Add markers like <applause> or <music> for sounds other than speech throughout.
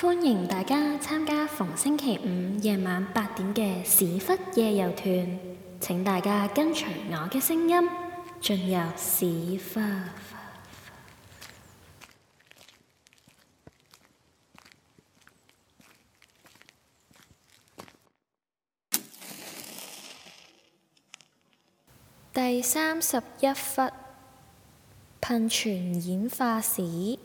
歡迎大家參加逢星期五夜晚八點嘅屎忽夜遊團。請大家跟隨我嘅聲音，進入屎忽。 <laughs> 第三十一窟噴泉演化史。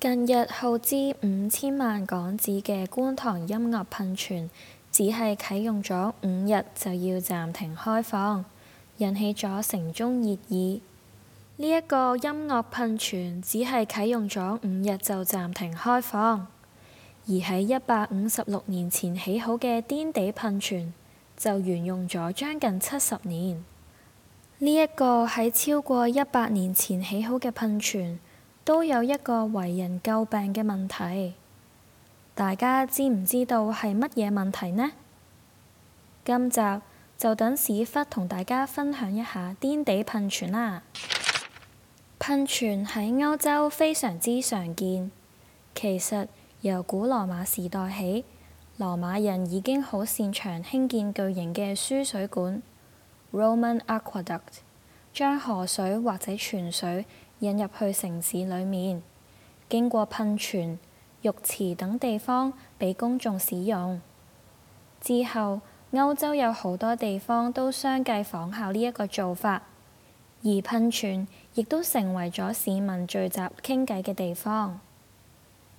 近日耗資五千萬港紙嘅觀塘音樂噴泉，只係啟用咗五日就要暫停開放，引起咗城中熱議。呢、這、一個音樂噴泉只係啟用咗五日就暫停開放，而喺一百五十六年前起好嘅顛地噴泉就沿用咗將近七十年。呢、這、一個喺超過一百年前起好嘅噴泉，都有一個為人詬病嘅問題，大家知唔知道係乜嘢問題呢？今集就等屎忽同大家分享一下顛地噴泉啦！噴泉喺歐洲非常之常見，其實由古羅馬時代起，羅馬人已經好擅長興建巨型嘅輸水管 （Roman aqueduct），將河水或者泉水引入去城市裏面，經過噴泉、浴池等地方俾公眾使用。之後，歐洲有好多地方都相繼仿效呢一個做法，而噴泉亦都成為咗市民聚集傾偈嘅地方。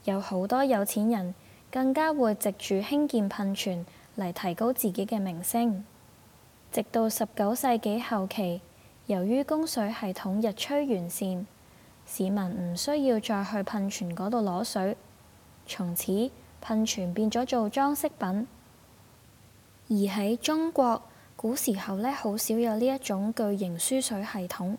有好多有錢人更加會藉住興建噴泉嚟提高自己嘅名聲。直到十九世紀後期。由於供水系統日趨完善，市民唔需要再去噴泉嗰度攞水，從此噴泉變咗做裝飾品。而喺中國古時候呢，好少有呢一種巨型輸水系統，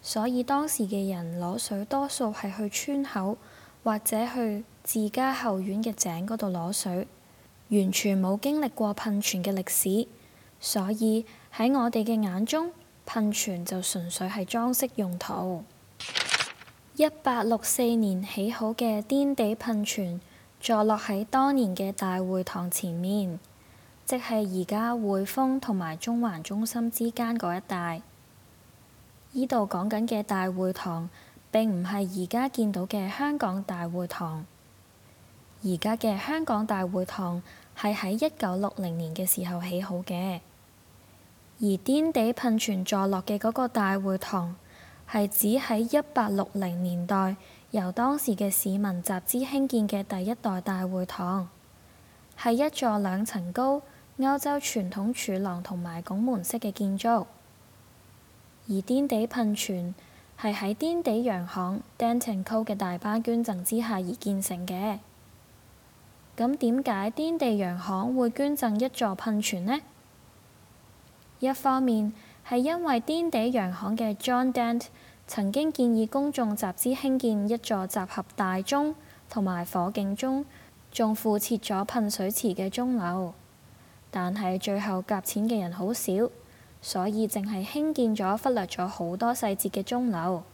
所以當時嘅人攞水多數係去村口或者去自家後院嘅井嗰度攞水，完全冇經歷過噴泉嘅歷史，所以喺我哋嘅眼中，噴泉就純粹係裝飾用途。一八六四年起好嘅顛地噴泉，坐落喺當年嘅大會堂前面，即係而家匯豐同埋中環中心之間嗰一帶。呢度講緊嘅大會堂，並唔係而家見到嘅香港大會堂。而家嘅香港大會堂係喺一九六零年嘅時候起好嘅。而顛地噴泉坐落嘅嗰個大會堂係指喺一八六零年代由當時嘅市民集資興建嘅第一代大會堂，係一座兩層高歐洲傳統柱廊同埋拱門式嘅建築。而顛地噴泉係喺顛地洋行 Danton Co. 嘅大筆捐贈之下而建成嘅。咁點解顛地洋行會捐贈一座噴泉呢？一方面係因為顛地洋行嘅 John Dent 曾經建議公眾集資興建一座集合大鐘同埋火警鐘，仲附設咗噴水池嘅鐘樓，但係最後夾錢嘅人好少，所以淨係興建咗忽略咗好多細節嘅鐘樓。而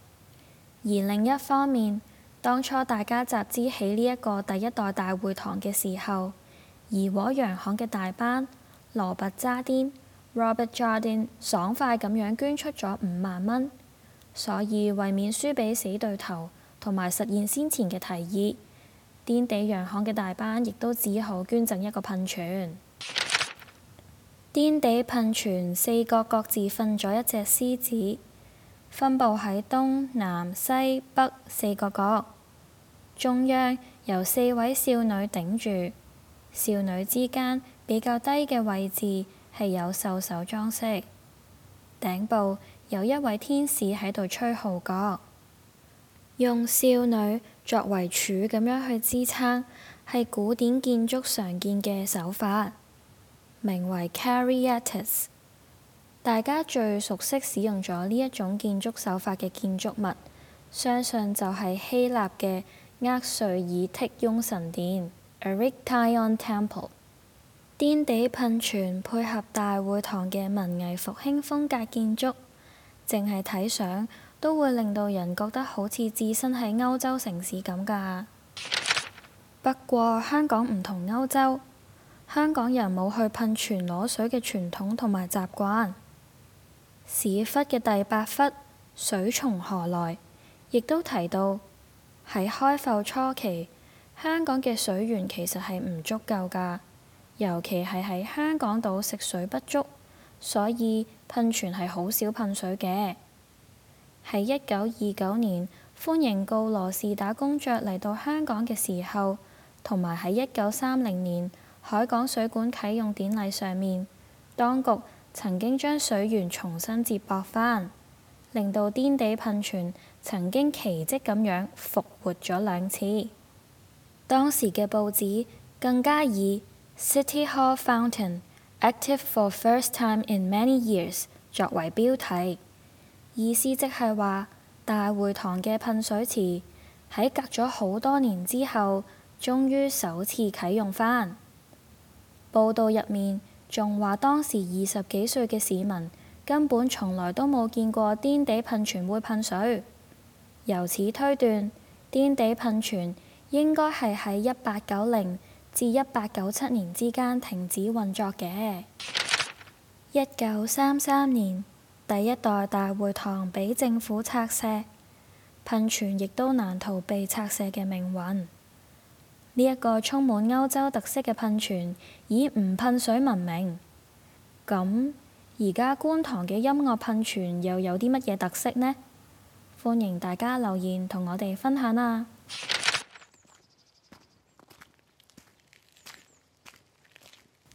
另一方面，當初大家集資起呢一個第一代大會堂嘅時候，怡和洋行嘅大班羅拔渣甸 Robert Jardine 爽快咁樣捐出咗五萬蚊，所以為免輸俾死對頭，同埋實現先前嘅提議，顛地洋行嘅大班亦都只好捐贈一個噴泉。顛地噴泉四角各自瞓咗一隻獅子，分佈喺東南西北四個角，中央由四位少女頂住，少女之間比較低嘅位置，係有獸首裝飾，頂部有一位天使喺度吹號角，用少女作為柱咁樣去支撐，係古典建築常見嘅手法，名為 c a r i a t i s，大家最熟悉使用咗呢一種建築手法嘅建築物，相信就係希臘嘅厄瑞耳剔翁神殿 e r i c t h i o n Temple）。 <noise> 顛地噴泉配合大會堂嘅文藝復興風格建築，淨係睇相都會令到人覺得好似置身喺歐洲城市咁㗎。不過香港唔同歐洲，香港人冇去噴泉攞水嘅傳統同埋習慣。史窟嘅第八窟，水從何來？亦都提到喺開埠初期，香港嘅水源其實係唔足夠㗎。尤其係喺香港島食水不足，所以噴泉係好少噴水嘅。喺一九二九年，歡迎告羅士打公爵嚟到香港嘅時候，同埋喺一九三零年海港水管啟用典禮上面，當局曾經將水源重新接駁返，令到顛地噴泉曾經奇蹟咁樣復活咗兩次。當時嘅報紙更加以 City Hall Fountain active for first time in many years 作為標題，意思即係話大會堂嘅噴水池喺隔咗好多年之後，終於首次啟用返。報道入面仲話，當時二十幾歲嘅市民根本從來都冇見過顛地噴泉會噴水，由此推斷顛地噴泉應該係喺一八九零至一八九七年之間停止運作嘅。一九三三年，第一代大會堂俾政府拆卸，噴泉亦都難逃被拆卸嘅命運。呢、這、一個充滿歐洲特色嘅噴泉，以唔噴水聞名。咁，而家觀塘嘅音樂噴泉又有啲乜嘢特色呢？歡迎大家留言同我哋分享啊！